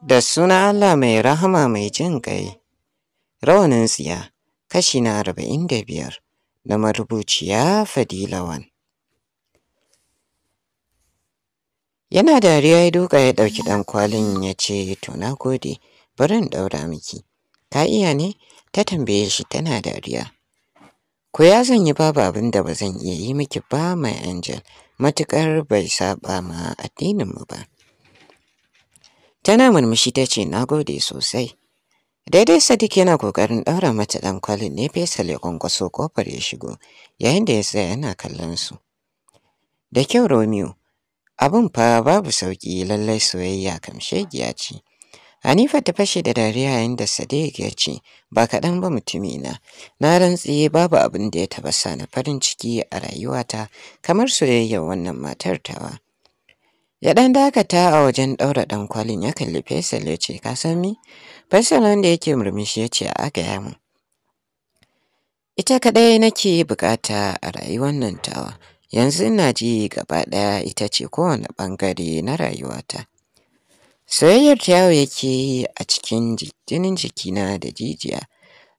Da suna Allah mai rahama mai jin ƙai. Rawanin tsiya, kashi na arba'in da biyar, na marubuciya Fadilawan. Yana dariya ya duka ya ɗauki ɗan kwalin ya ce, To na gode, barin in ɗaura miki. Ka iya ne? Ta tambaye shi tana dariya. Ku ya yi babu abin da ba zan iya yi miki ba mai Angel, matuƙar bai saba ma addininmu ba. Tana murmushi ta ce na gode sosai. Daidai Sadiq yana kokarin ɗaura mata ɗan kwalin ne Faisal ya kwankwaso kofar ya shigo yayin da ya tsaya yana kallon su. Da kyau Romeo, abin fa babu sauƙi lallai soyayya kamshe giya ce. Hanifa ta fashe da dariya yayin da Sadiq ya ce, "Ba kaɗan ba mutumina, na rantse babu abin da ya taɓa sa na farin ciki a rayuwata kamar soyayyar wannan matar tawa." Ya ɗan dakata a wajen ɗaura ɗan kwalin ya kalli Faisal ya ce, Ka san mi? Faisal wanda yake murmushi ya ce, A ga mu. Ita kaɗai nake bukata a rayuwar nan tawa, yanzu ina ji gaba ɗaya ita ce kowane bangare na rayuwata. Soyayyar yawo yake yi a cikin jinin jikina da jijiya,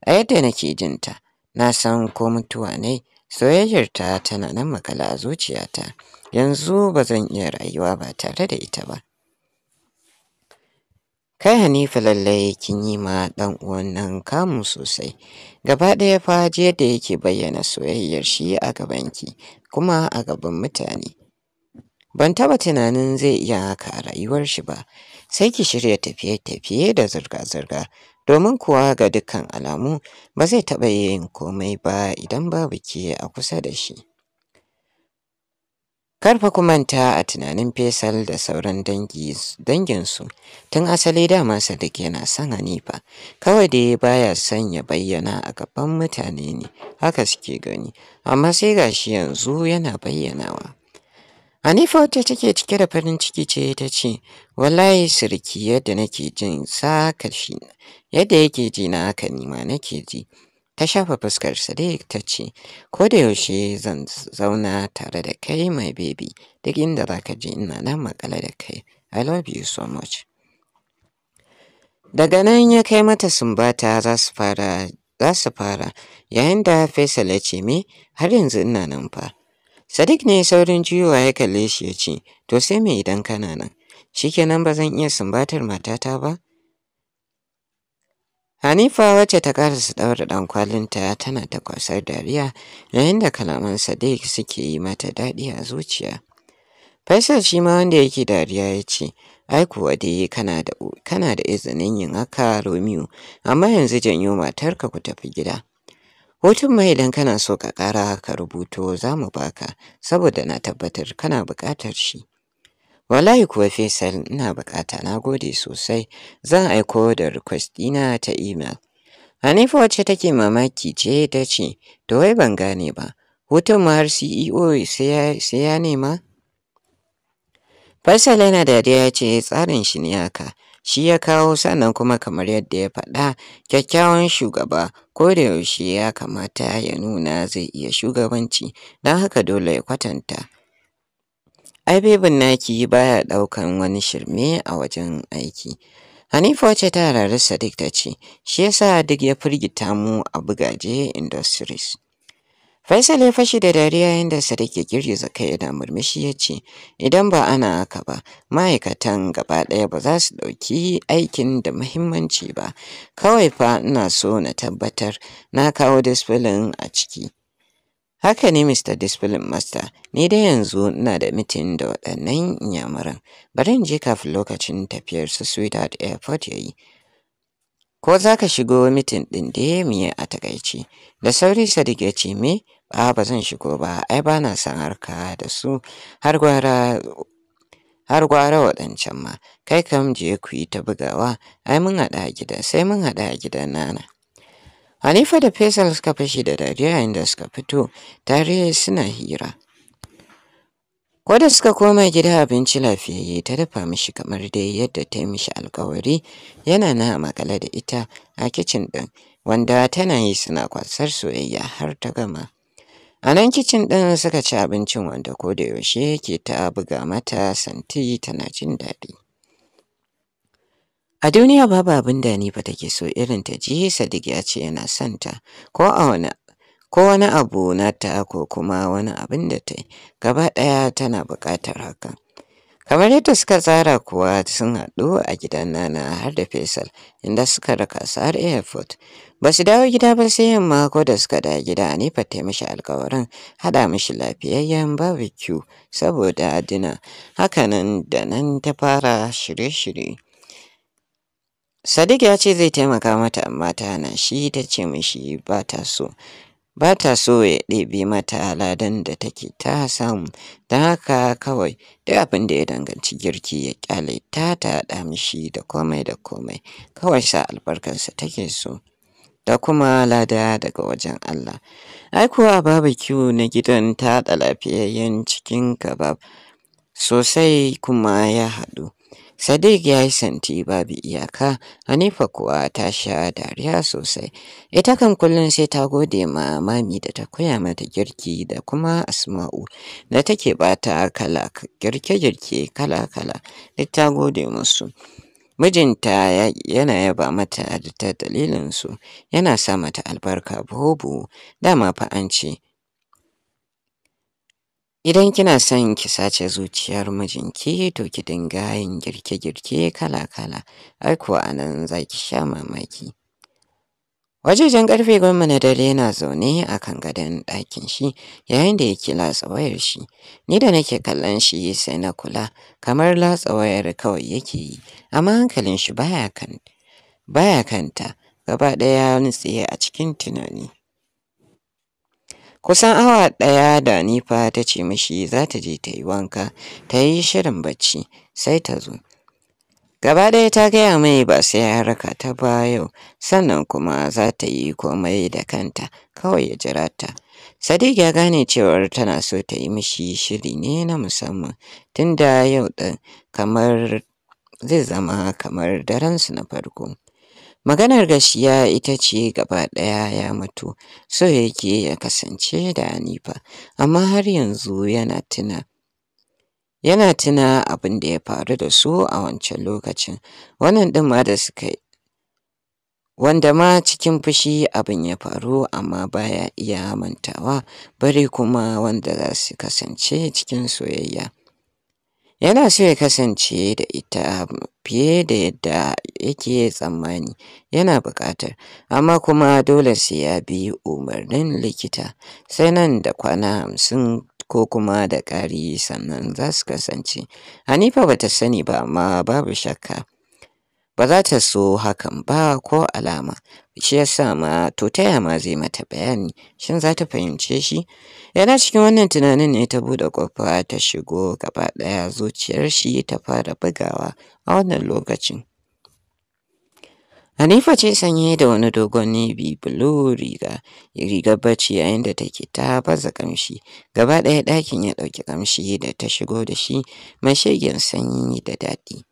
a yadda nake jinta, na san ko mutuwa ne, soyayyar ta tana nan makala a zuciyata. yanzu ba zan iya rayuwa ba tare da ita ba kai Hanifa lallai kin yi ma ɗan uwan nan kamu sosai gaba ɗaya fa jiya da yake bayyana soyayyar shi a gabanki kuma a gaban mutane ban taɓa tunanin zai iya haka a rayuwar shi ba sai ki shirya tafiye-tafiye da zirga-zirga domin kuwa ga dukkan alamu ba zai taɓa yin komai ba idan babu ke a kusa da shi. Karfa ku manta a tunanin fesal da sauran danginsu, tun asali dama Sadiq yana son Hanifa, kawai da ya baya son ya bayyana a gaban mutane ne, haka suke gani, amma sai gashi yanzu yana bayyanawa. Hanifa wata take cike da farin ciki ce ta ce, Wallahi sirki yadda nake jin sa kashi, yadda yake ji na haka nima nake ji. ta shafa fuskar Sadiq ta ce ko da yaushe zan zauna tare da kai mai baby duk inda za ka ji ina nan makala da kai I love you so much daga nan ya kai mata sumbata za su fara za su fara yayin da Faisal ya ce me har yanzu ina nan fa Sadiq ne saurin juyowa ya kalle shi ya ce to sai me idan kana nan shikenan ba zan iya sumbatar matata ba Hanifa wacce ta karasa ɗaura ɗan kwalinta tana ta kwasar dariya yayin da kalaman Sadiq suke yi mata daɗi a zuciya. Faisal shi ma wanda yake dariya ya ce, Ai kuwa dai kana da kana da izinin yin haka Romeo, amma yanzu janyo matarka ku tafi gida. Hotun mai idan kana so ka ƙara ka rubuto za mu baka, saboda na tabbatar kana buƙatar shi. Wallahi kuwa Faisal ina bukata na gode sosai zan aiko da request ɗina ta email. Hanifa wacce take mamaki ce ta ce, To wai ban gane ba, hutun ma har CEO sai ya nema? Faisal yana dariya ya ce tsarin shi ne haka, shi ya kawo sannan kuma kamar yadda ya faɗa kyakkyawan shugaba ko da yaushe ya kamata ya nuna zai iya shugabanci don haka dole ya kwatanta. ai Naki naki baya ɗaukan wani shirme a wajen aiki. Hanifa ce ta rarri Sadiq ta ce, shi yasa duk ya firgita mu a bugaje industries. Faisal ya fashi da dariya yadda Sadiq ya girgiza kai da murmushi ya ce, Idan ba ana haka ba, ma'aikatan gaba ɗaya ba za su ɗauki aikin da muhimmanci ba, kawai fa ina so na tabbatar na kawo disfilin a ciki. Haka ne Mr. Discipline Master, ni dai yanzu ina da mitin da waɗannan inyamuran, bari in je kafin lokacin tafiyar su Sweetheart Airport ya yi. Ko za ka shigo mitin ɗin da ya miye a takaici, da sauri Sadiq ya ce me ba ba zan shigo ba, ai ba na son harka da su har gwara waɗancan ma, kai kam je ku yi ta bugawa, ai mun haɗa a gida, sai mun haɗa a nana. Hanifa da Faisal suka fashe da dariya inda suka fito tare suna hira. Ko da suka koma gida abinci lafiyayye ta dafa mishi kamar dai yadda ta yi mishi alkawari yana na makale da ita a kicin ɗin wanda tana yi suna kwasar soyayya har ta gama. A nan kicin ɗin suka ci abincin wanda ko da yaushe yake ta buga mata santi tana jin daɗi. A duniya babu abin da Nifa take so irin ta ji Sadiq ya ce yana son ta ko a wani ko wani abu nata ko kuma wani abin da ta gaba ɗaya tana buƙatar haka Kamar yadda suka tsara kuwa sun haɗu a gidan Nana har da Faisal inda suka raka su har airport. Ba su dawo gida ba sai yamma ko da suka da gida fa ta mishi alƙawarin haɗa mishi lafiyayyen barbecue saboda dina hakanan da nan ta fara shirye-shirye. Sadiq ya ce zai taimaka mata amma ta hana shi ta ce mishi ba ta so. Ba ta so ya ɗebe mata ladan da take ta samu, don haka kawai duk abin da ya danganci girki ya ƙyale ta ta haɗa mishi da komai da komai, kawai sa albarkarsa take so. Da kuma lada daga wajen Allah. Ai kuwa barbecue na gidan ta haɗa lafiyayyen cikin kabab sosai kuma ya haɗu. Sadiq ya yi santi babu iyaka, Hanifa kuwa ta sha dariya sosai. Ita kan kullum sai ta gode ma mami da ta koya mata girki da kuma Asma'u da take bata kala girke-girke kala-kala duk ta gode musu. Mijinta yana yaba mata da ta dalilinsu, yana sa mata albarka buhu-buhu. dama fa an ce Idan kina son ki sace zuciyar mijinki to ki dinga yin girke-girke kala-kala, ai kuwa a nan za ki sha mamaki. Wajejen ƙarfe goma na dare yana zaune a kan gadon ɗakin shi yayin da yake latsa wayar shi, ni da nake kallon shi sai na kula kamar latsa wayar kawai yake yi, amma hankalin shi baya kanta gaba ɗaya ya nutse a cikin tunani. Kusan awa ɗaya da Nifa ta ce mishi za ta je ta yi wanka, ta yi shirin bacci, sai ta zo. Gaba ɗaya ta gaya mai ba sai ya raka ta ba yau, sannan kuma za ta yi komai da kanta, kawai ya jira ta. Sadiq ya gane cewar tana so ta yi mishi shiri ne na musamman, tunda yau ɗin kamar zai zama kamar su na farko. Maganar gaskiya ita ce gaba ɗaya ya mutu, so yake ya kasance da anifa. amma har yanzu yana tuna yana tuna abin da ya faru da su a wancan lokacin, wannan ɗin ma da suka yi. Wanda ma cikin fushi abin ya faru amma baya iya mantawa bari kuma wanda za su kasance cikin soyayya. yana so ya kasance da ita fiye da yadda yake tsammani yana buƙatar amma kuma dole sai ya bi umarnin likita sai nan da kwana hamsin ko kuma da ƙari sannan za su kasance hanifa ba ta sani ba amma babu shakka ba za ta so hakan ba ko alama shi ya sa ma to taya ma zai mata bayani shin za ta fahimce shi yana cikin wannan tunanin ne ta buɗe ƙofa ta shigo gaba ɗaya zuciyar shi ta fara bugawa a wannan lokacin Hanifa ce sanye da wani dogon navy blue riga, rigar bacci yayin da take ta baza kamshi. Gaba ɗaya ɗakin ya ɗauki kamshi da ta shigo da shi mai sanyi da daɗi.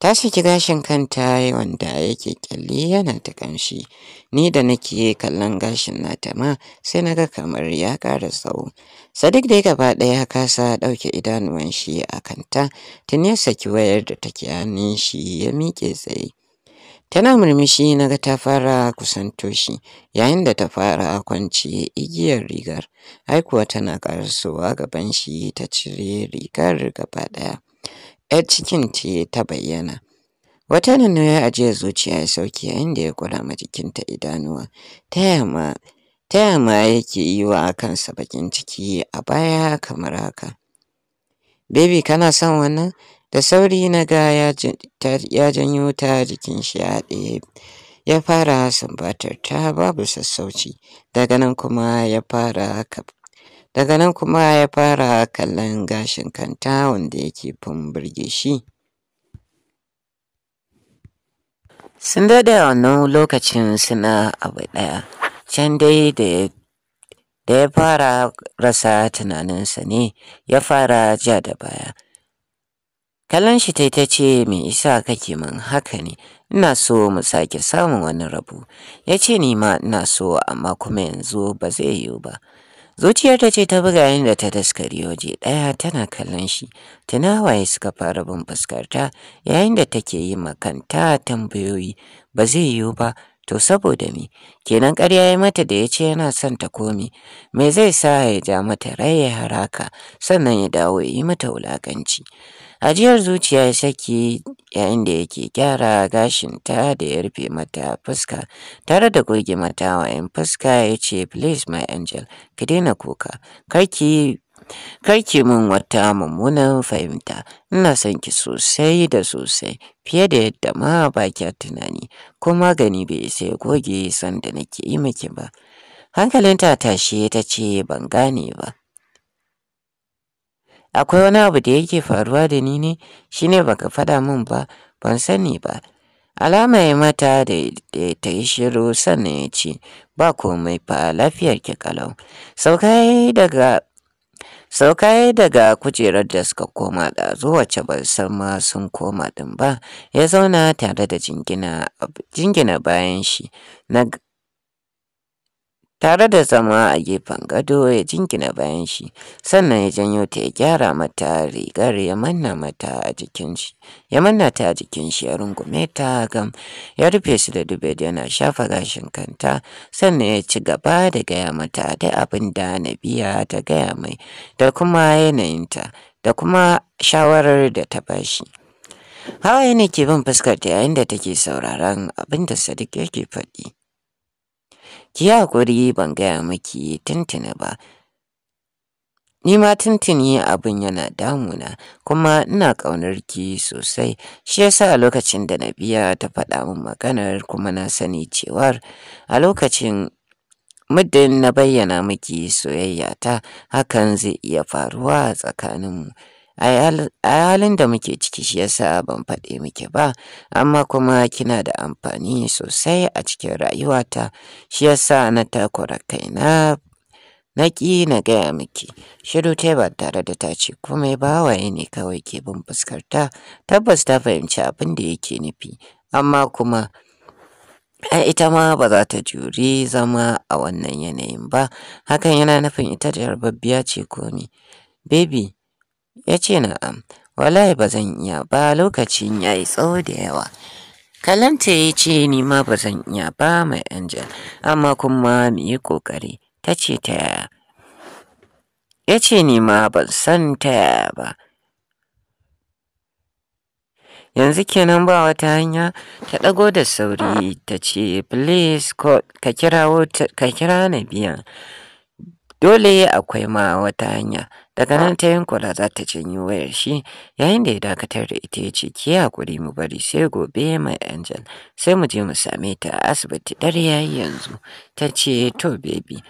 ta saki gashin kanta wanda yake kyalli yana ta kanshi, ni da nake kallon gashin nata ma sai naga kamar ya ƙara tsawo sadiq dai gaba ɗaya kasa ɗauke idanuwan shi a kanta tun ya saki wayar da take hannun shi ya mike tsaye tana murmushi naga ta fara kusanto shi yayin da ta fara kwanci igiyar rigar ai kuwa tana ƙarasowa gaban shi ta cire rigar gaba ɗaya 'yar cikin ce ta bayyana. Wata ya ajiye zuciya ya sauke inda ya kula ma jikinta idanuwa. Ta yama yake yi wa kansa bakin ciki a baya kamar haka. Baby kana son wannan? Da sauri na ga ya janyo ta jikin shi a ɗaya. Ya fara sumbatar ta babu sassauci, daga nan kuma ya fara daga nan kuma ya fara kallon gashin kanta wanda yake fin burge shi sun daɗe wannan lokacin suna abu ɗaya can dai da da ya fara rasa tunaninsa ne ya fara ja da baya kallon shi ta ce me isa kake min haka ne ina so mu sake samun wani rabu ya ce ni ma ina so amma kuma yanzu ba zai yiwu ba zuciyar ta ce ta buga yayin da ta daskari waje ɗaya tana kallon shi tana waye suka fara bin fuskarta yayin da take yi makanta tambayoyi ba zai yiwu ba to saboda me kenan ƙarya ya mata da ya ce yana son ta komi me zai sa ya ja mata rai ya haraka sannan ya dawo ya yi mata wulaƙanci Ajiyar zuciya ya saki yayin da yake gyara gashinta da ya rufe mata fuska tare da goge mata wayan fuska ya ce please my angel ki daina kuka karki karki min wata mummunan fahimta ina son ki sosai da sosai fiye da yadda ma ba kya tunani ko magani bai isa ya goge sanda nake yi miki ba hankalinta tashi ta ce ban gane ba akwai wani abu da yake faruwa da ni ne Shi shine baka faɗa min ba ban sani ba alama ya mata da ta yi shiru sannan ya ce ba komai fa lafiyar ki kalau sauka daga kujerar da suka koma ɗazu wacce ban san ma sun koma din ba ya zauna tare da jingina bayan shi tare da zama a gefen gado ya jingina bayan shi sannan ya janyo ta ya gyara mata rigar ya manna mata a jikin shi ya manna ta a jikin shi ya rungume ta gam ya rufe su da dube yana shafa gashin kanta sannan ya ci gaba da gaya mata da abin da biya ta gaya mai da kuma yanayinta da kuma shawarar da ta bashi. Hawaye ne ke bin fuskar ta yayin da take sauraron abin da Sadiq yake faɗi. ki hakuri ban gaya miki tuntuni ba ni ma tuntuni abin yana damuna kuma ina ƙaunarki sosai shi yasa a lokacin da na biya ta faɗa min maganar kuma na sani cewar a lokacin muddin na bayyana miki soyayya ta hakan zai iya faruwa tsakaninmu a halin da muke ciki shi yasa ban faɗe muke ba amma kuma kina da amfani sosai a cikin rayuwata shi yasa na takura kaina na ƙi na gaya miki shiru ta ba tare da ta ce komai ba waye ne kawai ke bin fuskarta tabbas ta fahimci abin da yake nufi amma kuma a ita ma ba za ta juri zama a wannan yanayin ba hakan yana nufin ita da yarbabbiya ce komi baby ya ce na'am wallahi ba zan iya ba lokacin ya yi tsawo da yawa kalanta ya ce ni ma ba zan iya ba mai angel amma kuma mu yi kokari ta ce ta yaya ya ce ni ma ban san ta yaya ba yanzu kenan ba wata hanya ta ɗago da sauri ta ce please ka kira na biyan dole akwai ma wata hanya daga nan ta yankula za ta janyo wayar shi yayin da ya dakatar da ita ya ce ki hakuri mu bari sai gobe mai angel sai mu je mu same ta a asibiti ya yayi yanzu ta ce to baby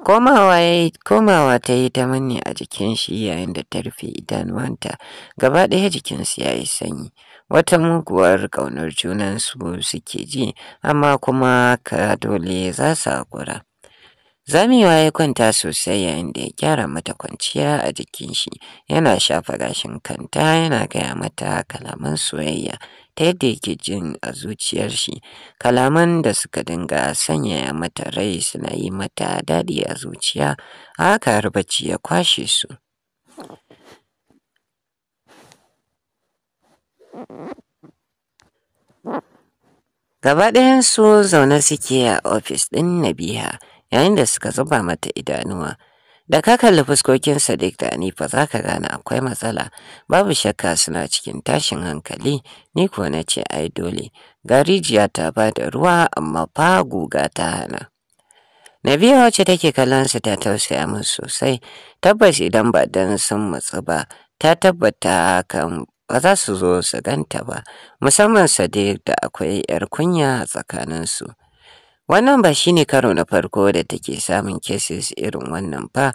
komawa ta yi ta manne a jikin shi yayin da ta rufe idanuwanta gaba ɗaya jikinsu ya yi sanyi wata muguwar ƙaunar junansu suke ji amma kuma ka dole za su haƙura wa ya kwanta sosai yayin da ya gyara mata kwanciya a jikin shi, yana shafa gashin kanta yana gaya mata kalaman soyayya ta yadda yake jin a zuciyar shi, kalaman da suka dinga sanyaya mata rai suna yi mata daɗi a zuciya, haka harbaci ya kwashe su. Gaba ɗayan su zaune suke a ofis ɗin Nabiha. yayin da suka zuba mata idanuwa. Da ka kalli fuskokin Sadiq da Anifa za ka gane akwai matsala, babu shakka suna cikin tashin hankali, ni kuwa na ce ai dole, garijiya ta ba da ruwa amma fa guga ta hana. Nabiya wacce take kallon su ta tausaya min sosai, tabbas idan ba dan sun matsu ba, ta tabbata kan ba za su zo su ganta ba, musamman Sadiq da akwai 'yar kunya tsakaninsu. Wannan ba shi ne karo na farko da take samun cases irin wannan fa.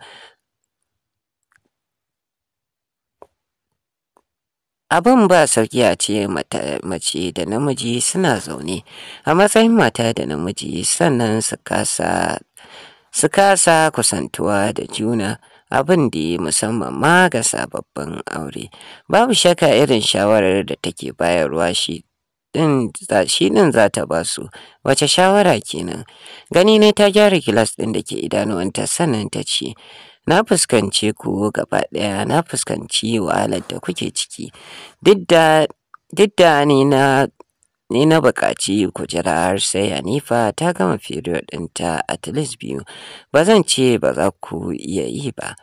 Abin ba sauki a ce mace da namiji suna zaune a matsayin mata da namiji sannan su kasa kusantuwa da juna abin da yi musamman ma ga sababbin aure babu shaka irin shawarar da take bayarwa shi shi ɗin za ta ba su wace shawara kenan gani ne ta gyara gilas ɗin da ke idanuwanta sannan ta ce na fuskanci ku gaba ɗaya na fuskanci wahalar da kuke ciki duk da ni na ni na buƙaci kujerar sai Hanifa ta gama period ɗinta at least biyu ba zan ce ba za ku iya yi ba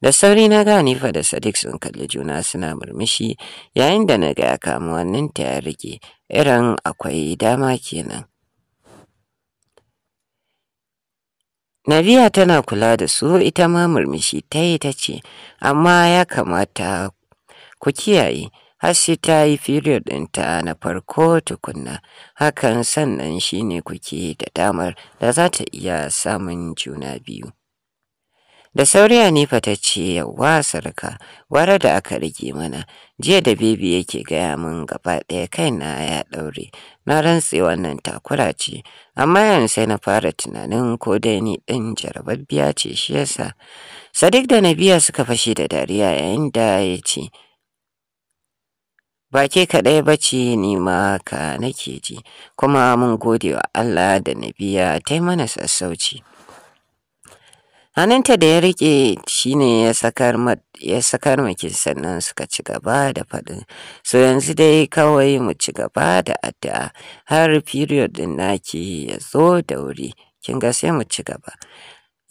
da sauri na ga Hanifa da Sadiq sun kalli juna suna murmushi yayin da na ga ya kama wannan ta ya rike irin akwai dama kenan Nabiya tana kula da su ita ma murmushi ta yi ta ce amma ya kamata ku kiyaye Hasi ta yi period ɗinta na farko tukunna, hakan sannan shi ne kuke da damar da za ta iya samun juna biyu. Da sauri Hanifa ta ce yawa sarka, wara da aka rage mana, jiya da bebi yake gaya min gaba ɗaya kai na ya ɗaure, na rantse wannan takura ce, amma yanzu sai na fara tunanin ko dai ni ɗin jarababbiya ce shi yasa. Sadiq da Nabiya suka fashe da dariya yayin da ya ce, ba ke kaɗai ba ce ni ma ka nake ji kuma mun gode wa Allah da nabiya ta mana sassauci hannunta da ya rike shi ne ya sakar makin sannan suka ci gaba da faɗin so yanzu dai kawai mu ci gaba da addu'a har period ɗin naki ya zo da wuri kin ga sai mu ci gaba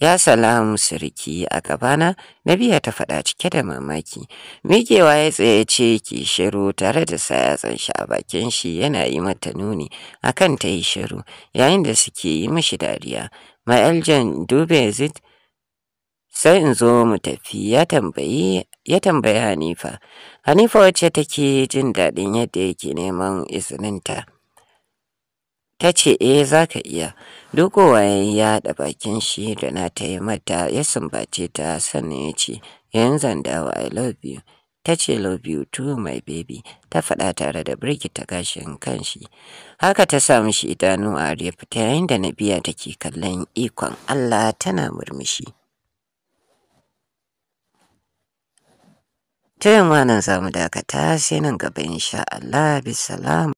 Ya salamu siriki a gabana, na biya ta faɗa cike da mamaki. Mikewa ya tsaye ce ki shiru tare da sa yatsan shi a bakin shi yana yi mata nuni akan ta yi shiru yayin da suke yi mishi dariya. Ma Eljan dube zit sai in zo mu tafi ya tambayi ya tambaya Hanifa. Hanifa wacce take jin daɗin yadda yake neman izininta. ta ce eh za ka iya dukowa ya da bakin shi da na ta yi mata ya sumbace ta sannan ya ce yanzu dawo i love you ta ce love you too my baby ta faɗa tare da ta gashin kanshi haka ta sa mishi idanu a rufe ta yayin da na nabiya take kallon ikon allah tana murmushi ta yamma nan za dakata sai nan gaba insha allah bisalam